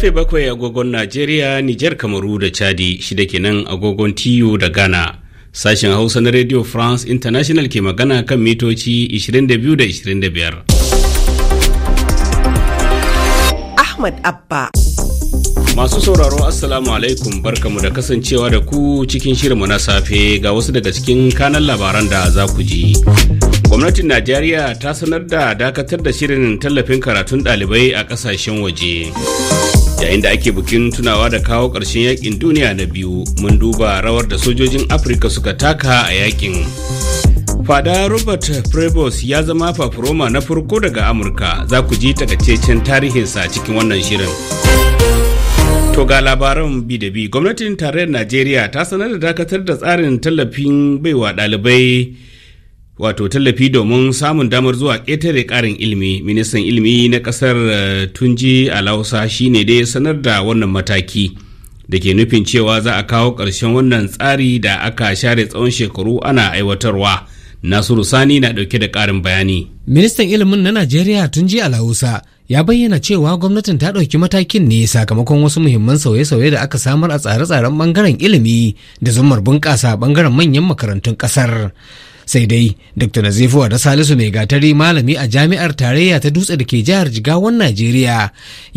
karfe bakwai agogon Najeriya, Nijar, Kamaru da Chadi shida kenan agogon TU da Ghana. Sashen Hausa na Radio France International ke magana kan mitoci 22 da 25. Ahmad Abba. Masu sauraro Assalamu alaikum barkamu da kasancewa da ku cikin shirinmu na safe ga wasu daga cikin kanan labaran da za ku ji. Gwamnatin Najeriya ta sanar da dakatar da shirin tallafin karatun ɗalibai a ƙasashen waje. yayin da ake bikin tunawa da kawo ƙarshen yakin duniya na biyu mun duba rawar da sojojin afirka suka taka a yakin fada robert prebos ya zama fafuroma na farko daga amurka za ku ji takaitaccen tarihinsa cikin wannan shirin To ga labaran bi da bi gwamnatin tarayyar Najeriya ta sanar da dakatar da tsarin tallafin baiwa ɗalibai wato tallafi domin samun damar zuwa ƙetare ƙarin ilimi ministan ilimi na ƙasar eh, tunji lausa shine dai sanar da wannan mataki da ke nufin cewa za a kawo ƙarshen wannan tsari da aka share tsawon shekaru ana aiwatarwa nasiru sani na ɗauke da ƙarin bayani ministan ilimin na najeriya tunji lausa ya bayyana cewa gwamnatin ta ɗauki matakin ne sakamakon wasu muhimman sauye-sauye da aka samar a tsare-tsaren ɓangaren ilimi da zumar bunƙasa ɓangaren manyan makarantun ƙasar sai dai dr nazifu da salisu mai gatari malami a jami'ar tarayya ta dutse da ke jihar jigawan najeriya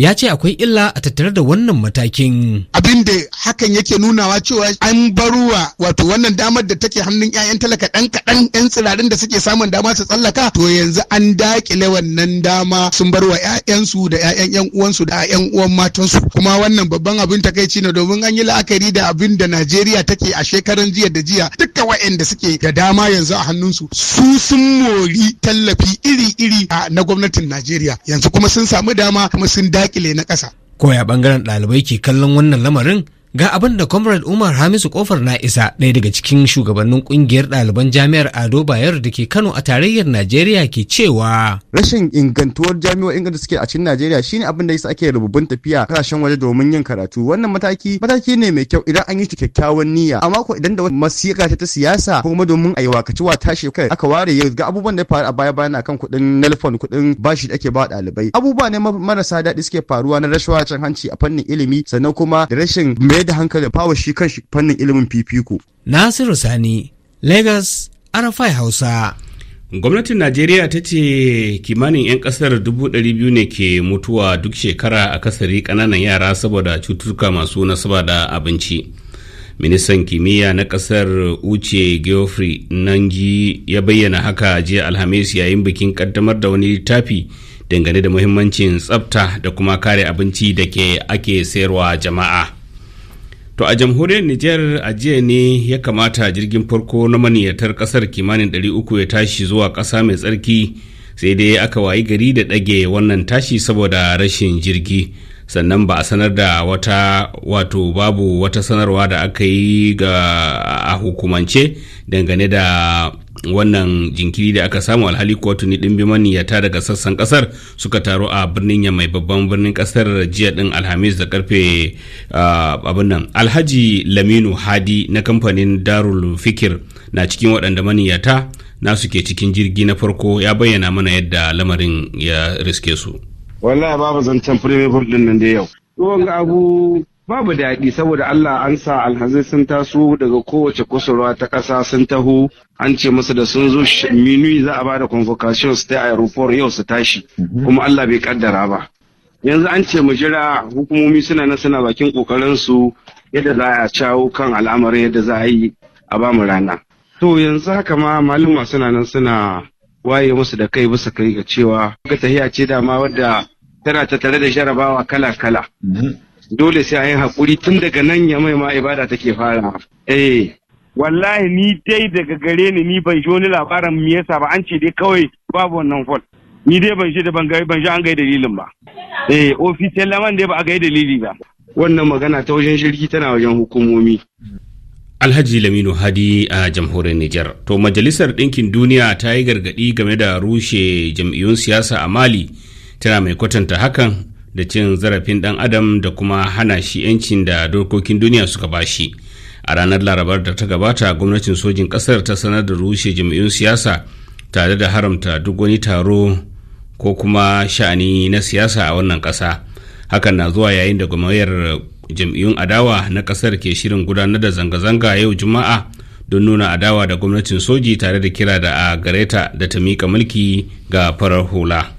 ya ce akwai illa a tattare da wannan matakin abin da hakan yake nunawa cewa an baruwa wato wannan damar da take hannun 'ya'yan talaka ɗan kaɗan 'yan tsirarin da suke samun dama su tsallaka to yanzu an dakile wannan dama sun barwa 'ya'yansu da 'ya'yan 'yan uwansu da 'ya'yan uwan matansu kuma wannan babban abin takaici ne domin an yi la'akari da abin da najeriya take a shekaran jiya da jiya dukkan wa'anda suke da dama yanzu a hannunsu su sun mori tallafi iri-iri na gwamnatin Najeriya yanzu kuma sun samu dama kuma sun dakile na ƙasa. Koya ɓangaren ɗalibai ke kallon wannan lamarin Ga abin da Comrade Umar Hamisu Kofar na isa ɗaya daga cikin shugabannin ƙungiyar ɗaliban jami'ar Ado bayar da ke Kano a tarayyar Najeriya ke cewa. Rashin ingantuwar jami'o'in da suke a cikin Najeriya shine abin da yasa ake rububin tafiya kasashen waje domin yin karatu. Wannan mataki mataki ne mai kyau idan an yi shi kyakkyawan niyya. Amma ko idan da wata masika ta siyasa ko kuma domin a yi wakaci wa tashi kai aka ware yau ga abubuwan da ya faru a baya bayan akan kuɗin nelfon kuɗin bashi da ake ba ɗalibai. Abubuwa ne marasa daɗi suke faruwa na rashawa cin hanci a fannin ilimi sannan kuma da rashin mai mai da hankali fawa shi kan fannin ilimin fifiko. Nasiru Sani, Lagos, Arafai Hausa. Gwamnatin Najeriya ta ce kimanin 'yan kasar 200,000 ne ke mutuwa duk shekara a kasari ƙananan yara saboda cututtuka masu nasaba da abinci. Ministan kimiyya na kasar Uche Geoffrey Nangi ya bayyana haka jiya Alhamis yayin bikin kaddamar da wani littafi dangane da muhimmancin tsafta da kuma kare abinci da ke ake sayarwa jama'a. To a jamhuriyar Nijar a jiya ne ya kamata jirgin farko na maniyatar kasar kimanin 300 ya tashi zuwa ƙasa mai tsarki sai dai aka wayi gari da ɗage wannan tashi saboda rashin jirgi. sannan ba a sanar da wata wato babu wata sanarwa da aka yi ga a hukumance dangane da wannan jinkiri da aka samu alhali kotu tuni ɗin maniyata daga sassan ƙasar suka taru a birnin ya mai babban birnin ƙasar jiya din alhamis da karfe abin nan alhaji laminu hadi na kamfanin darul fikir na cikin waɗanda maniyata nasu ke cikin jirgi na farko ya bayyana mana yadda lamarin ya riske su. wallahi babu zancen premier din nan da yau ruwan abu babu daɗi saboda Allah an sa alhazai sun taso daga kowace kusurwa ta ƙasa sun taho an ce musu da sun zo minui za a ba da convocation su ta aeroport yau su tashi mhm. kuma Allah bai kaddara ba yanzu an ce mu jira hukumomi suna nan suna bakin kokarin su yadda za a cawo kan al'amarin yadda za a yi a ba mu rana to yanzu haka ma malama suna nan suna waye musu da kai bisa kai ga cewa ga tahiya ce dama wadda tana ta tare da jarabawa kala-kala. Mhm. Dole sai a yi haƙuri tun daga nan ya mai ma ibada take fara. Eh. Wallahi ni dai daga gare ni ni ban ni labarin me yasa ba an ce dai kawai babu wannan fol. Ni dai ban ji da ban ban ji an ga dalilin ba. Eh, official laman dai ba a gai dalili ba. Wannan magana ta wajen shirki tana wajen hukumomi. Alhaji Laminu Hadi a jamhuriyar Nijar. To Majalisar Ɗinkin Duniya ta yi gargaɗi game da rushe jam'iyyun siyasa a Mali tana mai kwatanta hakan da cin zarafin ɗan adam da kuma hana shi 'yancin da dokokin duniya suka bashi. A ranar Larabar da ta gabata gwamnatin sojin ƙasar ta sanar da rushe jam'iyyun siyasa tare da haramta duk wani taro ko kuma sha'ani na siyasa a wannan ƙasa. Hakan na zuwa yayin da gwamnatin jam'iyyun adawa na kasar ke shirin gudanar da zanga-zanga yau juma'a don nuna adawa da gwamnatin soji tare da kira da a gareta da ta miƙa mulki ga farar hula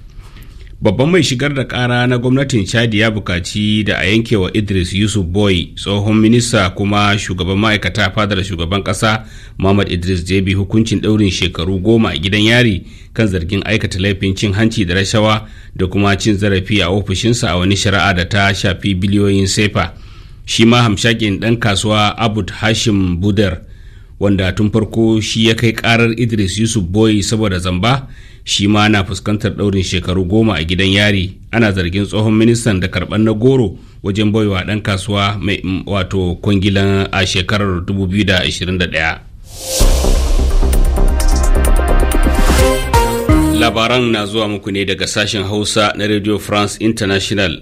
babban mai shigar da kara na gwamnatin chadi ya bukaci da a yanke wa idris yusuf boy tsohon minista kuma shugaban ma'aikata fadar shugaban kasa muhammad idris jebi hukuncin daurin shekaru goma a gidan yari kan zargin aikata laifin cin hanci da rashawa da kuma cin zarafi a ofishinsa a wani shari'a da ta shafi biliyoyin sefa shi ma hamshakin dan kasuwa abud hashim budar wanda tun farko shi ya kai karar idris yusuf boy saboda zamba shi ma na fuskantar ɗaurin shekaru goma a gidan yari ana zargin tsohon ministan da karban na goro wajen baiwa dan kasuwa mai wato kwangilan a shekarar 2021 labaran na zuwa muku ne daga sashen hausa na radio france international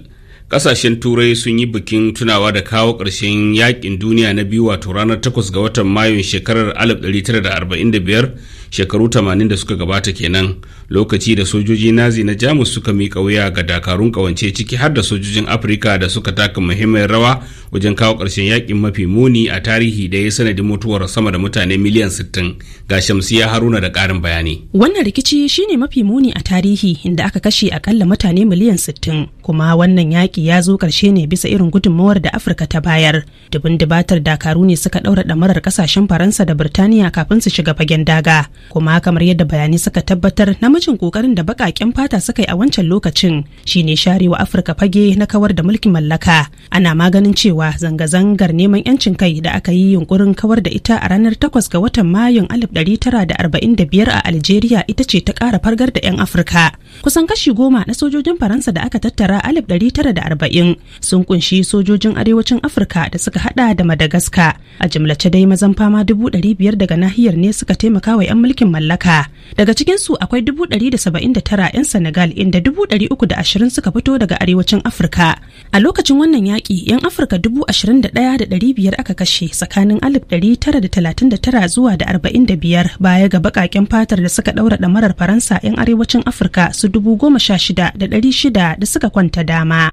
kasashen turai sun yi bikin tunawa da kawo ƙarshen yakin duniya na biyu wato ranar 8 ga watan mayun shekarar 1945 shekaru 80 da suka gabata kenan lokaci da sojoji nazi na jamus suka miƙa wuya ga dakarun kawance ciki har da sojojin afirka da suka taka muhimmiyar rawa wajen kawo ƙarshen yakin mafi muni a tarihi da ya sanadin mutuwar sama da mutane miliyan 60 ga shamsiya haruna da ƙarin bayani wannan rikici shine mafi muni a tarihi inda aka kashe akalla mutane miliyan 60 kuma wannan yaki ya zo ƙarshe ne bisa irin gudunmawar da afirka ta bayar dubin dubatar dakaru ne suka ɗaura ɗamarar ƙasashen faransa da birtaniya kafin su shiga fagen daga kuma kamar yadda bayanai suka tabbatar namijin kokarin da bakaken fata suka yi a wancan lokacin shine sharewa afirka fage na kawar da mulkin mallaka ana maganin cewa zanga-zangar neman yancin kai da aka yi yunkurin kawar da ita a ranar 8 ga watan mayun 1945 a algeria ita ce ta kara fargar da 'yan afirka kusan kashi goma na sojojin faransa da aka tattara alif ɗari tara da arba'in sun kunshi sojojin arewacin afirka da suka hada da madagaska a jimlace dai mazan fama dubu ɗari daga nahiyar ne suka taimaka wa 'yan mulkin mallaka daga cikin su akwai dubu ɗari da saba'in tara 'yan senegal inda dubu ɗari da ashirin suka fito daga arewacin afirka a lokacin wannan yaƙi 'yan afirka dubu ashirin ɗaya da ɗari biyar aka kashe tsakanin alif ɗari tara da talatin tara zuwa da arba'in da biyar baya ga baƙaƙen fatar da suka ɗaura ɗamarar faransa 'yan arewacin afirka su dubu goma sha shida da ɗari shida da suka kwanta dama.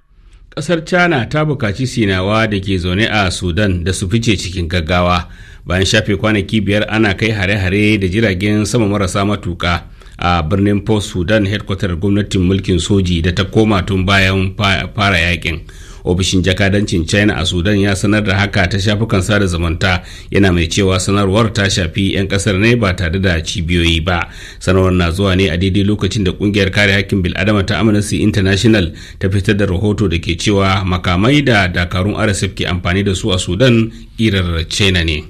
Ƙasar China ta bukaci Sinawa da ke zaune a Sudan da su fice cikin gaggawa bayan shafe kwanaki biyar ana kai hare-hare da jiragen sama marasa matuka a birnin Port Sudan headquarter gwamnatin mulkin soji da ta koma tun bayan fara yakin. ofishin jakadancin china a sudan ya sanar da haka ta shafukan sada zumunta yana mai cewa sanarwar ta shafi 'yan kasar ne ba tare da cibiyoyi ba sanarwar na zuwa ne a daidai lokacin da kungiyar kare hakkin bil'adama ta amnesty international ta fitar da rahoto da ke cewa makamai da dakarun rsf ke amfani da su a sudan irar china ne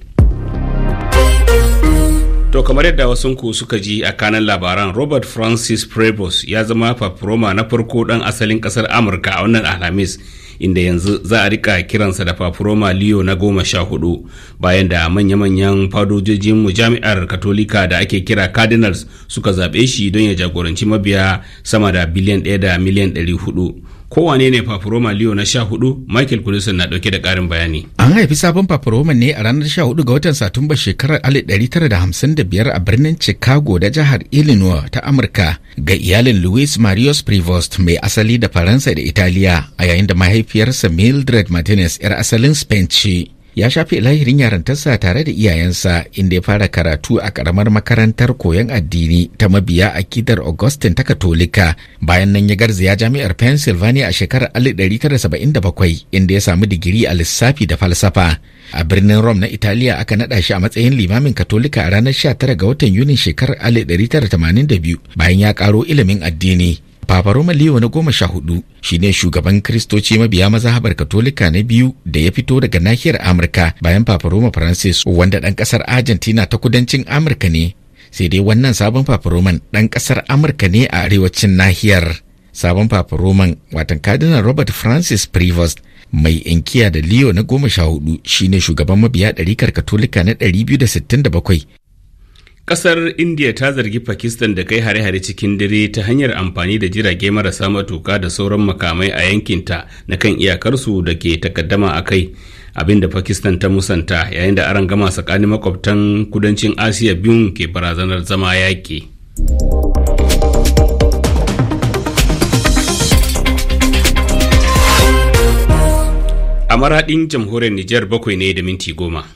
To kamar yadda ku suka ji a kanan labaran Robert Francis prebos ya zama faforoma na farko dan asalin ƙasar Amurka a wannan Alhamis inda yanzu za a rika kiransa da fafuroma liyo na goma sha hudu bayan da manya-manyan fadojojin jami'ar katolika da ake kira cardinals suka zaɓe shi don ya jagoranci mabiya sama da biliyan ɗaya da miliyan ɗari hudu kowane ne paparoma Leo na sha hudu Michael Kudisin na dauke da karin bayani. An haifi sabon paparoma ne a ranar sha hudu ga watan Satumba shekarar 1955 a birnin Chicago da jihar Illinois ta Amurka ga iyalin Louis Marius Prevost mai asali da Faransa da Italiya a yayin da mahaifiyarsa Mildred Martinez 'yar asalin Spain ce. ya shafe lahirin yarantarsa tare da iyayensa inda ya fara karatu a karamar makarantar koyon addini ta mabiya a kidar Augustine ta Katolika bayan nan ya garzaya jami'ar Pennsylvania a shekarar 1977 inda ya samu digiri a lissafi da falsafa. A birnin Rome na Italiya aka naɗa shi a matsayin limamin Katolika a ranar 19 ga watan Yunin shekarar 1982 bayan ya ƙaro ilimin addini. Papa Roma Leo na goma sha hudu shi ne shugaban Kristoci mabiya mazhabar Katolika na biyu da ya fito daga nahiyar Amurka bayan Papa Roma Francis wanda ɗan ƙasar Argentina ta kudancin Amurka ne. Sai dai wannan sabon Papa Roman ɗan ƙasar Amurka ne a arewacin nahiyar. Sabon Papa Roman watan kadina Robert Francis Prevost mai inkiya da Leo na goma sha hudu shi ne shugaban mabiya ɗarikar Katolika na ɗari biyu da da sittin bakwai. kasar India ta zargi Pakistan da kai hare-hare cikin dare ta hanyar amfani da jirage marasa matuka da sauran makamai a yankinta na kan iyakarsu da ke takaddama a kai. abin da Pakistan ta musanta yayin da aran gama tsakanin makwabtan kudancin Asiya biyun ke barazanar zama yaƙi. A maraɗin jamhuriyar Nijar bakwai ne da minti goma.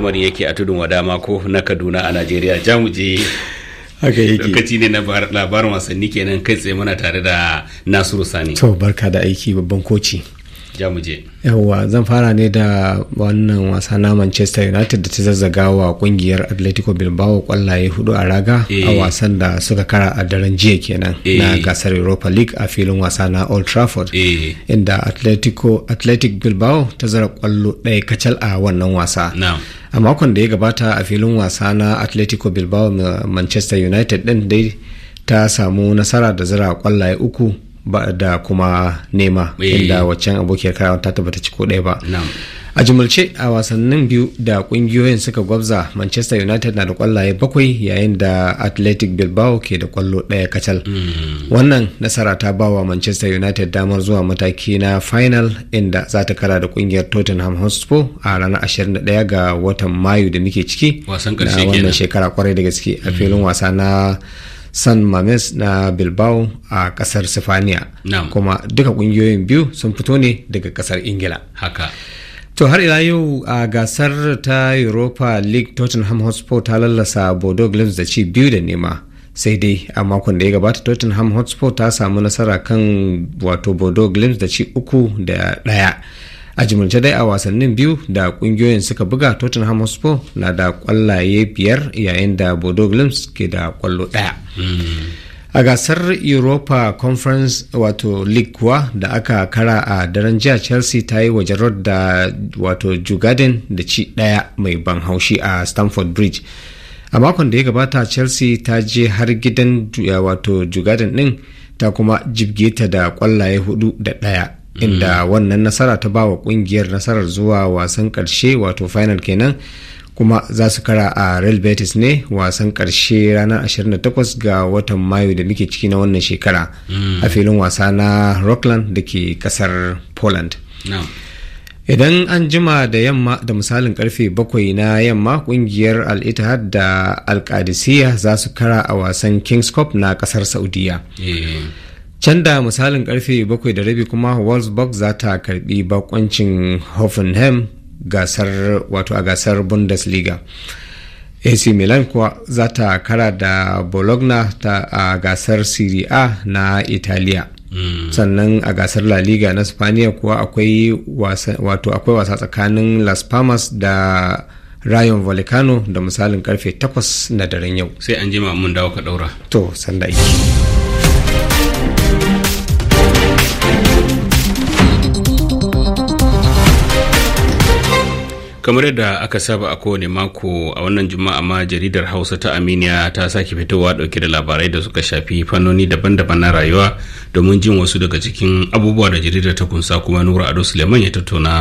lamarin yake a tudun wadama ko na kaduna a najeriya jamuje haka yake lokaci ne na labarin wasanni kenan kai tsaye muna tare da nasiru sani to barka da aiki babban koci ja yawwa zan fara ne da wannan wasa na manchester united da ta zazzaga wa kungiyar atletico bilbao kwallaye hudu a raga a eh. wasan da suka kara a daren jiya kenan na eh. gasar europa league a filin wasa na old trafford eh. inda atletico athletic bilbao ta zara kwallo ɗaya kacal a wannan wasa a makon da ya gabata a filin wasa na atletico bilbao manchester united ɗin dai ta samu nasara da zara kwallaye uku ba da kuma nema eh. inda waccan abokiyar karawa ta tabbata ci ko ɗaya ba a jimilce a wasannin biyu da kungiyoyin suka gwabza manchester united na da kwallaye bakwai yayin da athletic bilbao ke da kwallo ɗaya kacal hmm. wannan nasara ta ba wa manchester united damar zuwa mataki na final inda za ta kara da kungiyar tottenham hotspur a ranar 21 ga watan mayu da muke ciki na wannan shekara kwarai da gaske a filin hmm. wasa na san mames na bilbao a kasar sifaniya kuma duka kungiyoyin biyu sun fito ne daga kasar ingila haka to har ila yau a gasar ta europa league tottenham hotspur ta lallasa bodo glims da ci biyu da nema sai dai a makon da ya gabata tottenham hotspur ta samu nasara kan wato bodo glims da ci uku da daya a jimilce dai a wasannin biyu da kungiyoyin suka buga tottenham hotspur na da kwallaye biyar yayin da bodo glims ke da kwallo daya hmm. a gasar europa conference wato league kuwa da aka kara a daren jiya chelsea ta yi waje rod da wato jugaden da ci daya mai ban haushi a stamford bridge a makon da ya gabata chelsea ta je har gidan wato jugaden din ta kuma jibge ta da kwallaye hudu da daya inda mm. wannan nasara ta ba wa kungiyar nasarar zuwa wasan karshe wato final kenan kuma za su kara a real betis ne wasan karshe ranar 28 ga watan mayu da muke ciki na wannan shekara mm. a filin wasa na rockland da ke kasar poland idan an jima da yamma da misalin karfe bakwai na yamma kungiyar al da al za su kara a wasan kings cup na kasar saudiya eh. can da misalin karfe 7 da rabi kuma wolfsburg za ta karbi bakoncin hoffenheim gasar wato a gasar bundesliga ac milan kuwa za ta kara da bologna ta a gasar serie a na italiya Mm. sannan a gasar la liga na spaniya kuwa akwai wasa wato akwai wasa tsakanin las palmas da rayon volcano da misalin karfe 8 na daren yau sai an jima mun dawo ka daura to sanda aiki kamar yadda aka saba a kowane mako a wannan juma'a ma jaridar hausa ta aminiya ta sake fitowa dauke da labarai da suka shafi fannoni daban-daban na rayuwa domin jin wasu daga cikin abubuwa da jaridar ta kunsa kuma nura ado suleiman ya tattauna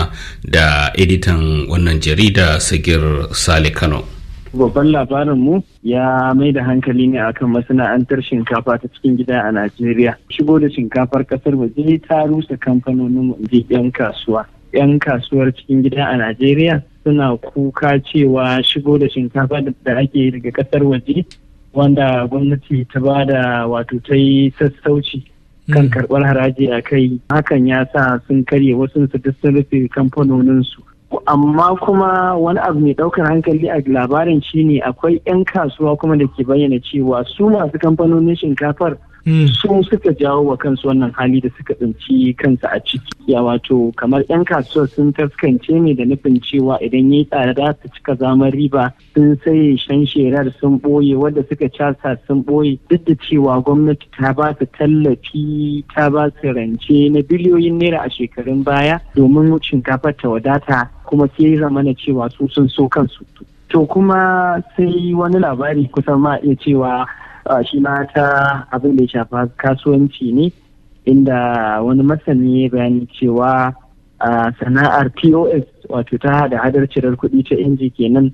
da editan wannan jarida sagir sale kano babban labarin mu ya mai da hankali ne akan masana'antar shinkafa ta cikin gida a najeriya shigo da shinkafar kasar waje ta rusa kamfanonin yan kasuwa 'yan kasuwar cikin gida a Najeriya suna kuka cewa shigo da shinkafa da ake daga kasar waje wanda gwamnati ta ba da wato ta yi sassauci kan hmm. karɓar haraji a kai hakan ya sa sun karye wasu su duk sun rufe kamfanoninsu amma kuma wani abu mai ɗaukar hankali a labarin shine akwai 'yan kasuwa kuma da ke bayyana cewa su masu kamfanonin shinkafar Mm. su suka jawo wa kansu wannan hali da suka tsinci kansu a ciki ya wato kamar 'yan kasuwa sun taskance ne da nufin cewa idan ya yi tsada su cika zaman riba sun saye shan sherar sun boye wadda suka casa sun boye. duk da cewa gwamnati ta ba su tallafi ta ba su rance na biliyoyin naira a shekarun baya domin shinkafar ta wadata kuma sai zamana cewa su sun so kansu to kuma sai wani labari kusan ma iya cewa A ah, shi ma ta abin da ya shafa kasuwanci ne inda wani masani ya bayani cewa ah, sana'ar pos wato ta hada hadar cirar kuɗi ta inji kenan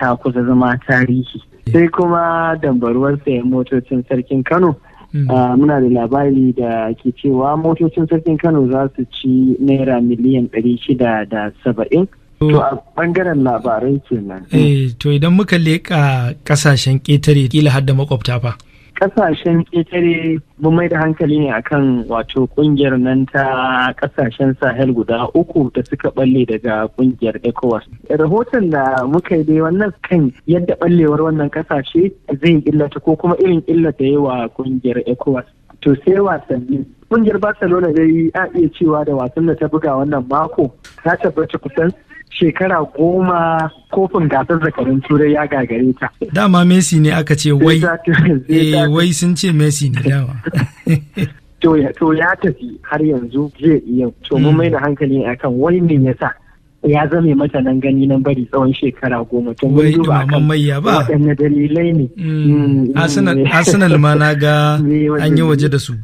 ta kusa zama tarihi sai kuma dambaruwar sayan motocin sarkin kano hmm. ah, muna da labari da ke cewa motocin sarkin kano za su ci naira miliyan 670 To a bangaren labarai kenan. Eh to idan muka leƙa ƙasashen ƙetare kila har da makwabta fa. Ƙasashen ƙetare mun mai da hankali ne akan wato ƙungiyar nan ta ƙasashen sahel guda uku da suka balle daga ƙungiyar ecowas rahoton da muka yi dai wannan kan yadda ballewar wannan ƙasashe zai illata ko kuma irin illata yawa ƙungiyar ecowas to sai wasanni ƙungiyar barcelona dai a iya cewa da wasan da ta buga wannan mako ta tabbata kusan shekara goma kofin gasar zakarin turai ya gagare ta. Dama Messi ne aka ce wai, eh, wai sun ce Messi ne dama. To ya tafi har yanzu zai iya to mun hmm. mai da hankali akan wai me yasa ya zame mata nan gani nan bari tsawon shekara goma to mun duba akan waɗanne dalilai ne. Hmm. Hmm. Arsenal ma na ga an yi waje da su.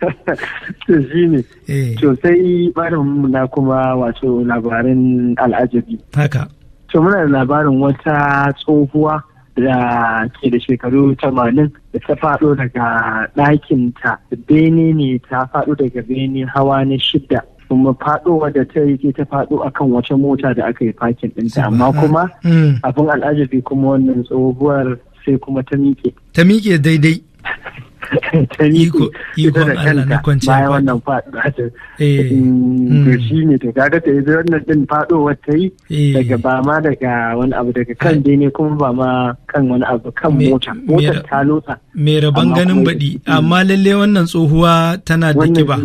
to shi ne eh. to sai barin na kuma wato labarin al'ajabi haka to muna da labarin wata tsohuwa da ke da shekaru tamanin da ta faɗo daga ɗakinta bene ne ta faɗo daga bene hawa na shida kuma faɗowa da ta yi ke ta faɗo akan wata mota da aka yi fakin ɗinta amma kuma mm. abin al'ajabi kuma wannan tsohuwar sai kuma ta miƙe ta miƙe daidai ta iko iko Allah na kwanciya bayan wannan faduwa ta eh, mm, mm. to shi ne to kaga ta yi wannan din faduwa ta yi eh. daga ba ma daga wani abu daga kan dai ne kuma ba ma kan wani abu kan mota motar ta lotsa me rabon ganin baɗi amma lalle wannan tsohuwa tana da kiba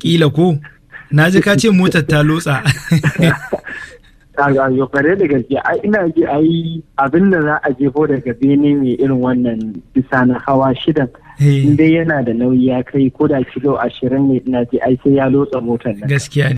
kila ko na ji ka ce motar ta lotsa kaga da gaske a ina ji yi abin da za a jefo daga bene mai irin wannan bisa na hawa shidan eh. inda yana da nauyi ya kai ko da kilo ashirin ne ina ji ai sai ya lotsa motar nan gaskiya